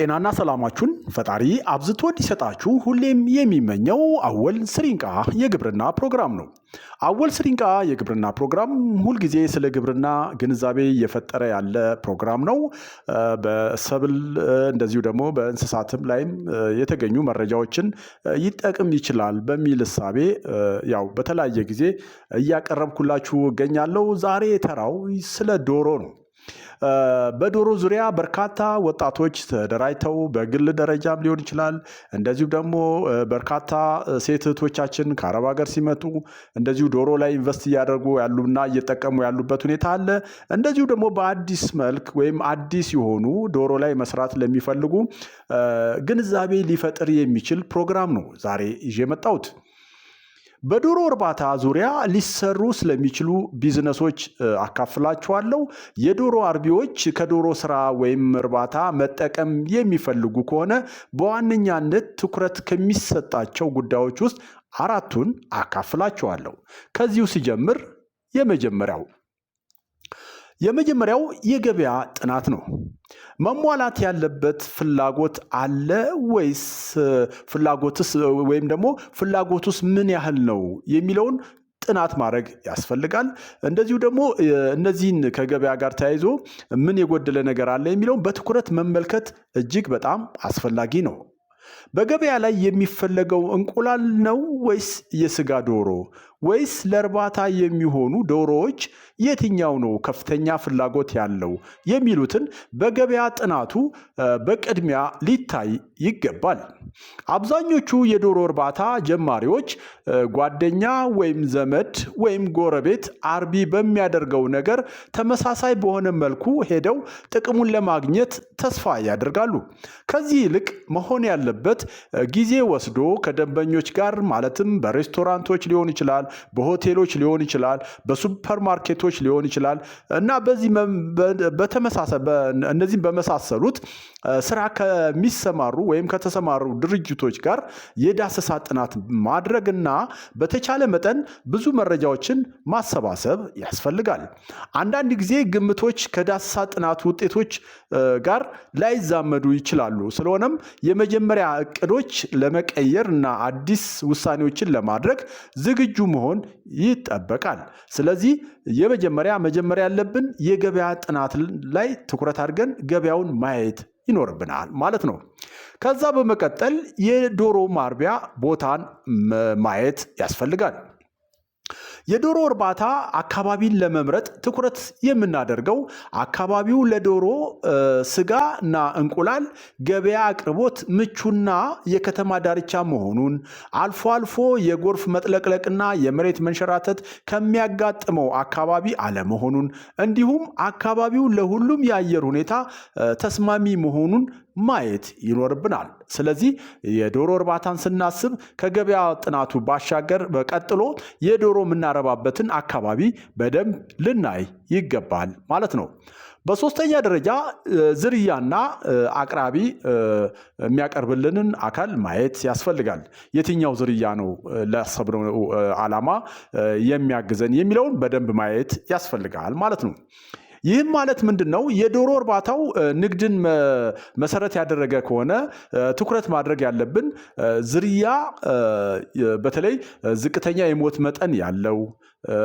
ጤናና ሰላማችሁን ፈጣሪ አብዝቶ እንዲሰጣችሁ ሁሌም የሚመኘው አወል ስሪንቃ የግብርና ፕሮግራም ነው። አወል ስሪንቃ የግብርና ፕሮግራም ሁልጊዜ ስለ ግብርና ግንዛቤ እየፈጠረ ያለ ፕሮግራም ነው። በሰብል እንደዚሁ ደግሞ በእንስሳትም ላይም የተገኙ መረጃዎችን ይጠቅም ይችላል በሚል እሳቤ ያው በተለያየ ጊዜ እያቀረብኩላችሁ እገኛለሁ። ዛሬ ተራው ስለ ዶሮ ነው። በዶሮ ዙሪያ በርካታ ወጣቶች ተደራጅተው በግል ደረጃም ሊሆን ይችላል። እንደዚሁም ደግሞ በርካታ ሴት እህቶቻችን ከአረብ ሀገር ሲመጡ እንደዚሁ ዶሮ ላይ ኢንቨስት እያደረጉ ያሉና እየጠቀሙ ያሉበት ሁኔታ አለ። እንደዚሁ ደግሞ በአዲስ መልክ ወይም አዲስ የሆኑ ዶሮ ላይ መስራት ለሚፈልጉ ግንዛቤ ሊፈጥር የሚችል ፕሮግራም ነው ዛሬ ይዤ የመጣሁት። በዶሮ እርባታ ዙሪያ ሊሰሩ ስለሚችሉ ቢዝነሶች አካፍላችኋለሁ። የዶሮ አርቢዎች ከዶሮ ስራ ወይም እርባታ መጠቀም የሚፈልጉ ከሆነ በዋነኛነት ትኩረት ከሚሰጣቸው ጉዳዮች ውስጥ አራቱን አካፍላችኋለሁ። ከዚሁ ሲጀምር የመጀመሪያው የመጀመሪያው የገበያ ጥናት ነው። መሟላት ያለበት ፍላጎት አለ ወይስ ፍላጎትስ ወይም ደግሞ ፍላጎቱስ ምን ያህል ነው የሚለውን ጥናት ማድረግ ያስፈልጋል። እንደዚሁ ደግሞ እነዚህን ከገበያ ጋር ተያይዞ ምን የጎደለ ነገር አለ የሚለውን በትኩረት መመልከት እጅግ በጣም አስፈላጊ ነው። በገበያ ላይ የሚፈለገው እንቁላል ነው ወይስ የስጋ ዶሮ ወይስ ለእርባታ የሚሆኑ ዶሮዎች የትኛው ነው ከፍተኛ ፍላጎት ያለው የሚሉትን በገበያ ጥናቱ በቅድሚያ ሊታይ ይገባል። አብዛኞቹ የዶሮ እርባታ ጀማሪዎች ጓደኛ ወይም ዘመድ ወይም ጎረቤት አርቢ በሚያደርገው ነገር ተመሳሳይ በሆነ መልኩ ሄደው ጥቅሙን ለማግኘት ተስፋ ያደርጋሉ። ከዚህ ይልቅ መሆን ያለበት ጊዜ ወስዶ ከደንበኞች ጋር ማለትም በሬስቶራንቶች ሊሆን ይችላል፣ በሆቴሎች ሊሆን ይችላል፣ በሱፐርማርኬቶች ሊሆን ይችላል እና በዚህ እነዚህም በመሳሰሉት ስራ ከሚሰማሩ ወይም ከተሰማሩ ድርጅቶች ጋር የዳሰሳ ጥናት ማድረግና በተቻለ መጠን ብዙ መረጃዎችን ማሰባሰብ ያስፈልጋል። አንዳንድ ጊዜ ግምቶች ከዳሰሳ ጥናት ውጤቶች ጋር ላይዛመዱ ይችላሉ። ስለሆነም የመጀመሪያ እቅዶች ለመቀየር እና አዲስ ውሳኔዎችን ለማድረግ ዝግጁ መሆን ይጠበቃል። ስለዚህ የመጀመሪያ መጀመሪያ ያለብን የገበያ ጥናት ላይ ትኩረት አድርገን ገበያውን ማየት ይኖርብናል ማለት ነው። ከዛ በመቀጠል የዶሮ ማርቢያ ቦታን ማየት ያስፈልጋል። የዶሮ እርባታ አካባቢን ለመምረጥ ትኩረት የምናደርገው አካባቢው ለዶሮ ስጋ እና እንቁላል ገበያ አቅርቦት ምቹና የከተማ ዳርቻ መሆኑን አልፎ አልፎ የጎርፍ መጥለቅለቅና የመሬት መንሸራተት ከሚያጋጥመው አካባቢ አለመሆኑን እንዲሁም አካባቢው ለሁሉም የአየር ሁኔታ ተስማሚ መሆኑን ማየት ይኖርብናል። ስለዚህ የዶሮ እርባታን ስናስብ ከገበያ ጥናቱ ባሻገር በቀጥሎ የዶሮ የምናረባበትን አካባቢ በደንብ ልናይ ይገባል ማለት ነው። በሶስተኛ ደረጃ ዝርያና አቅራቢ የሚያቀርብልንን አካል ማየት ያስፈልጋል። የትኛው ዝርያ ነው ላሰብነው ዓላማ የሚያግዘን የሚለውን በደንብ ማየት ያስፈልጋል ማለት ነው። ይህም ማለት ምንድን ነው? የዶሮ እርባታው ንግድን መሰረት ያደረገ ከሆነ ትኩረት ማድረግ ያለብን ዝርያ በተለይ ዝቅተኛ የሞት መጠን ያለው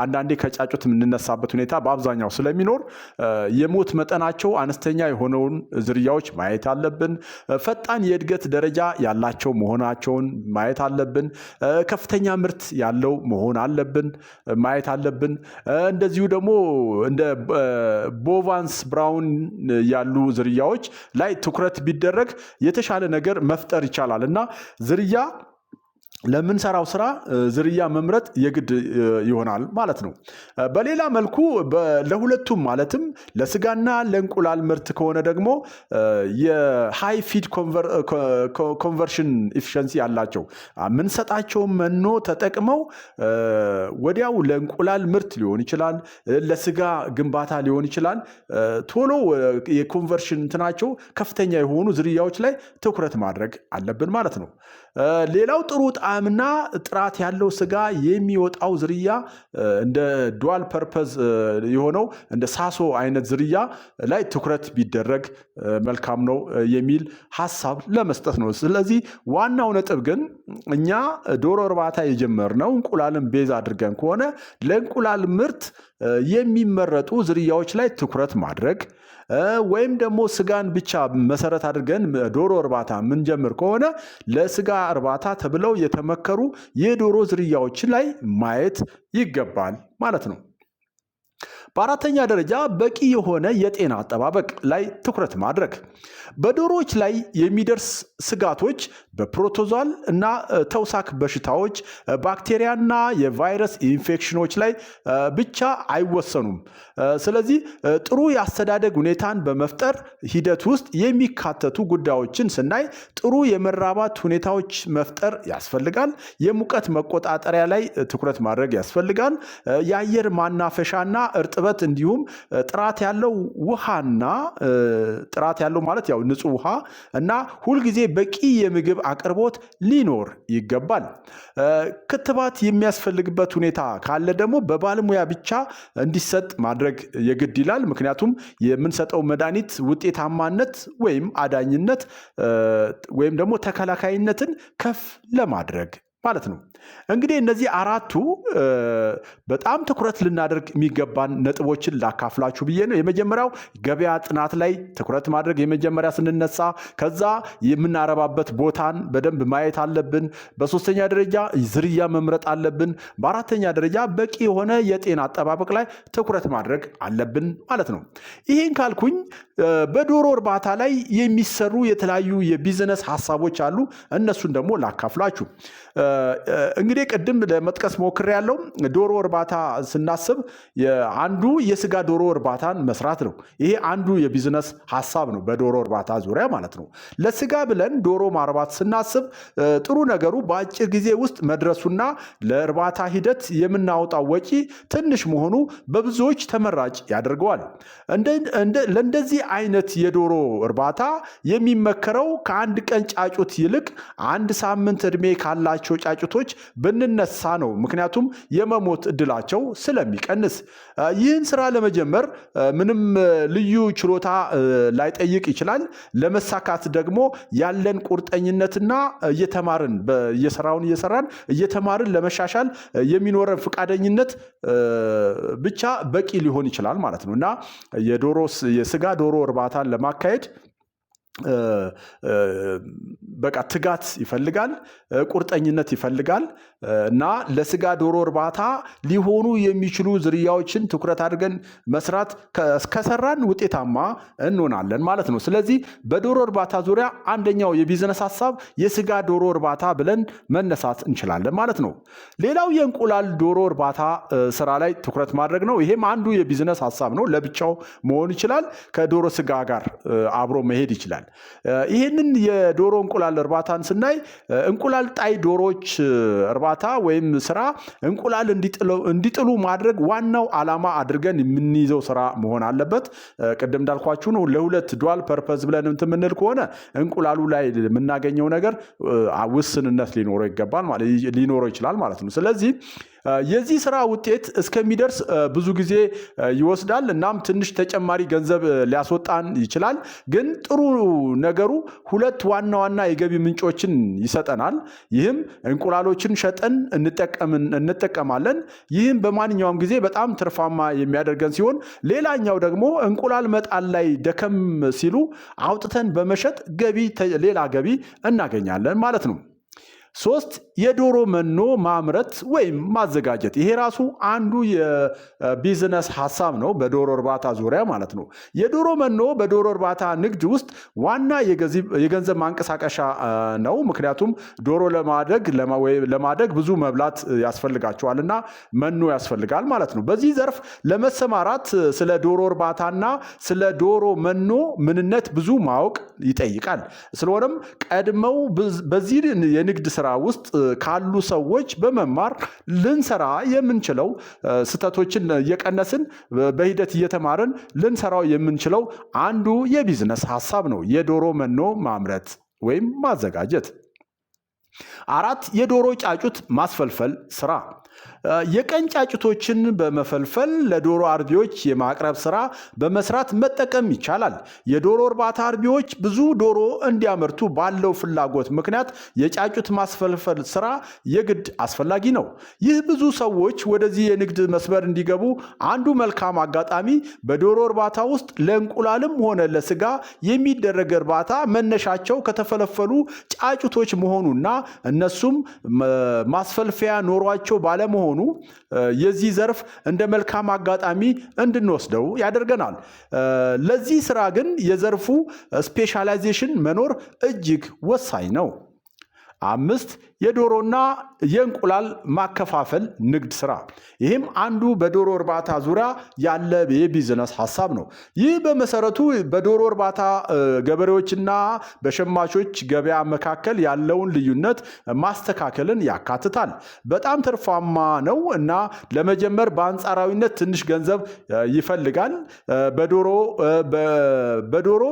አንዳንዴ ከጫጩት የምንነሳበት ሁኔታ በአብዛኛው ስለሚኖር የሞት መጠናቸው አነስተኛ የሆነውን ዝርያዎች ማየት አለብን። ፈጣን የእድገት ደረጃ ያላቸው መሆናቸውን ማየት አለብን። ከፍተኛ ምርት ያለው መሆን አለብን ማየት አለብን። እንደዚሁ ደግሞ እንደ ቦቫንስ ብራውን ያሉ ዝርያዎች ላይ ትኩረት ቢደረግ የተሻለ ነገር መፍጠር ይቻላል እና ዝርያ ለምንሰራው ስራ ዝርያ መምረጥ የግድ ይሆናል ማለት ነው። በሌላ መልኩ ለሁለቱም ማለትም ለስጋና ለእንቁላል ምርት ከሆነ ደግሞ የሃይ ፊድ ኮንቨርሽን ኢፊሸንሲ ያላቸው የምንሰጣቸው መኖ ተጠቅመው ወዲያው ለእንቁላል ምርት ሊሆን ይችላል፣ ለስጋ ግንባታ ሊሆን ይችላል። ቶሎ የኮንቨርሽን እንትናቸው ከፍተኛ የሆኑ ዝርያዎች ላይ ትኩረት ማድረግ አለብን ማለት ነው። ሌላው ጥሩ ጣዕምና ጥራት ያለው ስጋ የሚወጣው ዝርያ እንደ ዱዋል ፐርፐዝ የሆነው እንደ ሳሶ አይነት ዝርያ ላይ ትኩረት ቢደረግ መልካም ነው የሚል ሀሳብ ለመስጠት ነው። ስለዚህ ዋናው ነጥብ ግን እኛ ዶሮ እርባታ የጀመርነው እንቁላልን ቤዝ አድርገን ከሆነ ለእንቁላል ምርት የሚመረጡ ዝርያዎች ላይ ትኩረት ማድረግ ወይም ደግሞ ስጋን ብቻ መሰረት አድርገን ዶሮ እርባታ የምንጀምር ከሆነ ለስጋ እርባታ ተብለው የተመከሩ የዶሮ ዝርያዎች ላይ ማየት ይገባል ማለት ነው። በአራተኛ ደረጃ በቂ የሆነ የጤና አጠባበቅ ላይ ትኩረት ማድረግ። በዶሮዎች ላይ የሚደርስ ስጋቶች በፕሮቶዛል እና ተውሳክ በሽታዎች ባክቴሪያና የቫይረስ ኢንፌክሽኖች ላይ ብቻ አይወሰኑም። ስለዚህ ጥሩ የአስተዳደግ ሁኔታን በመፍጠር ሂደት ውስጥ የሚካተቱ ጉዳዮችን ስናይ ጥሩ የመራባት ሁኔታዎች መፍጠር ያስፈልጋል። የሙቀት መቆጣጠሪያ ላይ ትኩረት ማድረግ ያስፈልጋል። የአየር ማናፈሻና እርጥበት እንዲሁም ጥራት ያለው ውሃና ጥራት ያለው ማለት ያው ንጹህ ውሃ እና ሁልጊዜ በቂ የምግብ አቅርቦት ሊኖር ይገባል። ክትባት የሚያስፈልግበት ሁኔታ ካለ ደግሞ በባለሙያ ብቻ እንዲሰጥ ማድረግ የግድ ይላል። ምክንያቱም የምንሰጠው መድኃኒት ውጤታማነት ወይም አዳኝነት ወይም ደግሞ ተከላካይነትን ከፍ ለማድረግ ማለት ነው። እንግዲህ እነዚህ አራቱ በጣም ትኩረት ልናደርግ የሚገባን ነጥቦችን ላካፍላችሁ ብዬ ነው። የመጀመሪያው ገበያ ጥናት ላይ ትኩረት ማድረግ የመጀመሪያ ስንነሳ፣ ከዛ የምናረባበት ቦታን በደንብ ማየት አለብን። በሶስተኛ ደረጃ ዝርያ መምረጥ አለብን። በአራተኛ ደረጃ በቂ የሆነ የጤና አጠባበቅ ላይ ትኩረት ማድረግ አለብን ማለት ነው። ይህን ካልኩኝ በዶሮ እርባታ ላይ የሚሰሩ የተለያዩ የቢዝነስ ሀሳቦች አሉ። እነሱን ደግሞ ላካፍላችሁ እንግዲህ ቅድም ለመጥቀስ ሞክር ያለው ዶሮ እርባታ ስናስብ አንዱ የስጋ ዶሮ እርባታን መስራት ነው። ይሄ አንዱ የቢዝነስ ሀሳብ ነው፣ በዶሮ እርባታ ዙሪያ ማለት ነው። ለስጋ ብለን ዶሮ ማርባት ስናስብ ጥሩ ነገሩ በአጭር ጊዜ ውስጥ መድረሱና ለእርባታ ሂደት የምናወጣው ወጪ ትንሽ መሆኑ በብዙዎች ተመራጭ ያደርገዋል። ለእንደዚህ አይነት የዶሮ እርባታ የሚመከረው ከአንድ ቀን ጫጩት ይልቅ አንድ ሳምንት እድሜ ካላቸው ጫጩቶች ብንነሳ ነው። ምክንያቱም የመሞት እድላቸው ስለሚቀንስ ይህን ስራ ለመጀመር ምንም ልዩ ችሎታ ላይጠይቅ ይችላል። ለመሳካት ደግሞ ያለን ቁርጠኝነትና እየተማርን የስራውን እየሰራን እየተማርን ለመሻሻል የሚኖረን ፈቃደኝነት ብቻ በቂ ሊሆን ይችላል ማለት ነው እና የዶሮ የስጋ ዶሮ እርባታን ለማካሄድ በቃ ትጋት ይፈልጋል፣ ቁርጠኝነት ይፈልጋል እና ለስጋ ዶሮ እርባታ ሊሆኑ የሚችሉ ዝርያዎችን ትኩረት አድርገን መስራት ከሰራን ውጤታማ እንሆናለን ማለት ነው። ስለዚህ በዶሮ እርባታ ዙሪያ አንደኛው የቢዝነስ ሀሳብ የስጋ ዶሮ እርባታ ብለን መነሳት እንችላለን ማለት ነው። ሌላው የእንቁላል ዶሮ እርባታ ስራ ላይ ትኩረት ማድረግ ነው። ይሄም አንዱ የቢዝነስ ሀሳብ ነው። ለብቻው መሆን ይችላል፣ ከዶሮ ስጋ ጋር አብሮ መሄድ ይችላል። ይላል። ይህንን የዶሮ እንቁላል እርባታን ስናይ እንቁላል ጣይ ዶሮዎች እርባታ ወይም ስራ እንቁላል እንዲጥሉ ማድረግ ዋናው ዓላማ አድርገን የምንይዘው ስራ መሆን አለበት። ቅድም እንዳልኳችሁ ነው። ለሁለት ዷል ፐርፐዝ ብለን እንትን የምንል ከሆነ እንቁላሉ ላይ የምናገኘው ነገር ውስንነት ሊኖረው ይገባል፣ ሊኖረው ይችላል ማለት ነው። ስለዚህ የዚህ ስራ ውጤት እስከሚደርስ ብዙ ጊዜ ይወስዳል። እናም ትንሽ ተጨማሪ ገንዘብ ሊያስወጣን ይችላል። ግን ጥሩ ነገሩ ሁለት ዋና ዋና የገቢ ምንጮችን ይሰጠናል። ይህም እንቁላሎችን ሸጠን እንጠቀማለን። ይህም በማንኛውም ጊዜ በጣም ትርፋማ የሚያደርገን ሲሆን፣ ሌላኛው ደግሞ እንቁላል መጣል ላይ ደከም ሲሉ አውጥተን በመሸጥ ገቢ ሌላ ገቢ እናገኛለን ማለት ነው። ሶስት የዶሮ መኖ ማምረት ወይም ማዘጋጀት። ይሄ ራሱ አንዱ የቢዝነስ ሀሳብ ነው፣ በዶሮ እርባታ ዙሪያ ማለት ነው። የዶሮ መኖ በዶሮ እርባታ ንግድ ውስጥ ዋና የገንዘብ ማንቀሳቀሻ ነው። ምክንያቱም ዶሮ ለማደግ ለማደግ ብዙ መብላት ያስፈልጋቸዋል እና መኖ ያስፈልጋል ማለት ነው። በዚህ ዘርፍ ለመሰማራት ስለ ዶሮ እርባታና ስለ ዶሮ መኖ ምንነት ብዙ ማወቅ ይጠይቃል። ስለሆነም ቀድመው በዚህ የንግድ ስራ ውስጥ ካሉ ሰዎች በመማር ልንሰራ የምንችለው ስህተቶችን እየቀነስን በሂደት እየተማርን ልንሰራው የምንችለው አንዱ የቢዝነስ ሀሳብ ነው። የዶሮ መኖ ማምረት ወይም ማዘጋጀት። አራት የዶሮ ጫጩት ማስፈልፈል ስራ የቀን ጫጭቶችን በመፈልፈል ለዶሮ አርቢዎች የማቅረብ ስራ በመስራት መጠቀም ይቻላል። የዶሮ እርባታ አርቢዎች ብዙ ዶሮ እንዲያመርቱ ባለው ፍላጎት ምክንያት የጫጩት ማስፈልፈል ስራ የግድ አስፈላጊ ነው። ይህ ብዙ ሰዎች ወደዚህ የንግድ መስመር እንዲገቡ አንዱ መልካም አጋጣሚ በዶሮ እርባታ ውስጥ ለእንቁላልም ሆነ ለስጋ የሚደረግ እርባታ መነሻቸው ከተፈለፈሉ ጫጩቶች መሆኑና እነሱም ማስፈልፈያ ኖሯቸው ባለመሆኑ በመሆኑ የዚህ ዘርፍ እንደ መልካም አጋጣሚ እንድንወስደው ያደርገናል። ለዚህ ስራ ግን የዘርፉ ስፔሻላይዜሽን መኖር እጅግ ወሳኝ ነው። አምስት የዶሮና የእንቁላል ማከፋፈል ንግድ ስራ። ይህም አንዱ በዶሮ እርባታ ዙሪያ ያለ የቢዝነስ ሀሳብ ነው። ይህ በመሰረቱ በዶሮ እርባታ ገበሬዎችና በሸማቾች ገበያ መካከል ያለውን ልዩነት ማስተካከልን ያካትታል። በጣም ትርፋማ ነው እና ለመጀመር በአንጻራዊነት ትንሽ ገንዘብ ይፈልጋል። በዶሮ በዶሮ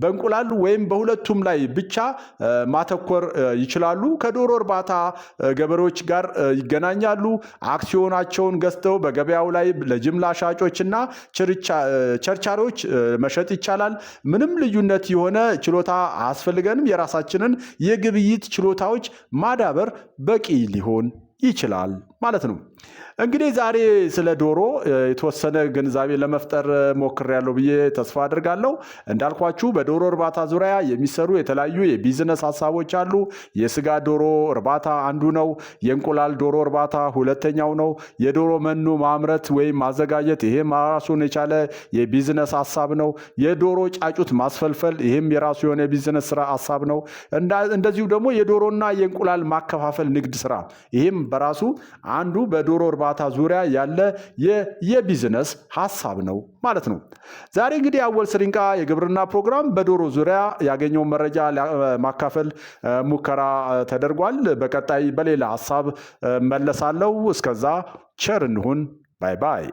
በእንቁላል ወይም በሁለቱም ላይ ብቻ ማተኮር ይችላሉ። ያሉ ከዶሮ እርባታ ገበሬዎች ጋር ይገናኛሉ። አክሲዮናቸውን ገዝተው በገበያው ላይ ለጅምላ ሻጮች ና ቸርቻሪዎች መሸጥ ይቻላል። ምንም ልዩነት የሆነ ችሎታ አያስፈልገንም። የራሳችንን የግብይት ችሎታዎች ማዳበር በቂ ሊሆን ይችላል። ማለት ነው። እንግዲህ ዛሬ ስለ ዶሮ የተወሰነ ግንዛቤ ለመፍጠር ሞክሬያለሁ ብዬ ተስፋ አድርጋለሁ። እንዳልኳችሁ በዶሮ እርባታ ዙሪያ የሚሰሩ የተለያዩ የቢዝነስ ሀሳቦች አሉ። የስጋ ዶሮ እርባታ አንዱ ነው። የእንቁላል ዶሮ እርባታ ሁለተኛው ነው። የዶሮ መኖ ማምረት ወይም ማዘጋጀት፣ ይህም ራሱን የቻለ የቢዝነስ ሀሳብ ነው። የዶሮ ጫጩት ማስፈልፈል፣ ይህም የራሱ የሆነ የቢዝነስ ስራ ሀሳብ ነው። እንደዚሁ ደግሞ የዶሮና የእንቁላል ማከፋፈል ንግድ ስራ፣ ይህም በራሱ አንዱ በዶሮ እርባታ ዙሪያ ያለ የቢዝነስ ሀሳብ ነው ማለት ነው። ዛሬ እንግዲህ አወል ስሪንቃ የግብርና ፕሮግራም በዶሮ ዙሪያ ያገኘውን መረጃ ማካፈል ሙከራ ተደርጓል። በቀጣይ በሌላ ሀሳብ መለሳለሁ። እስከዛ ቸር እንሁን። ባይ ባይ።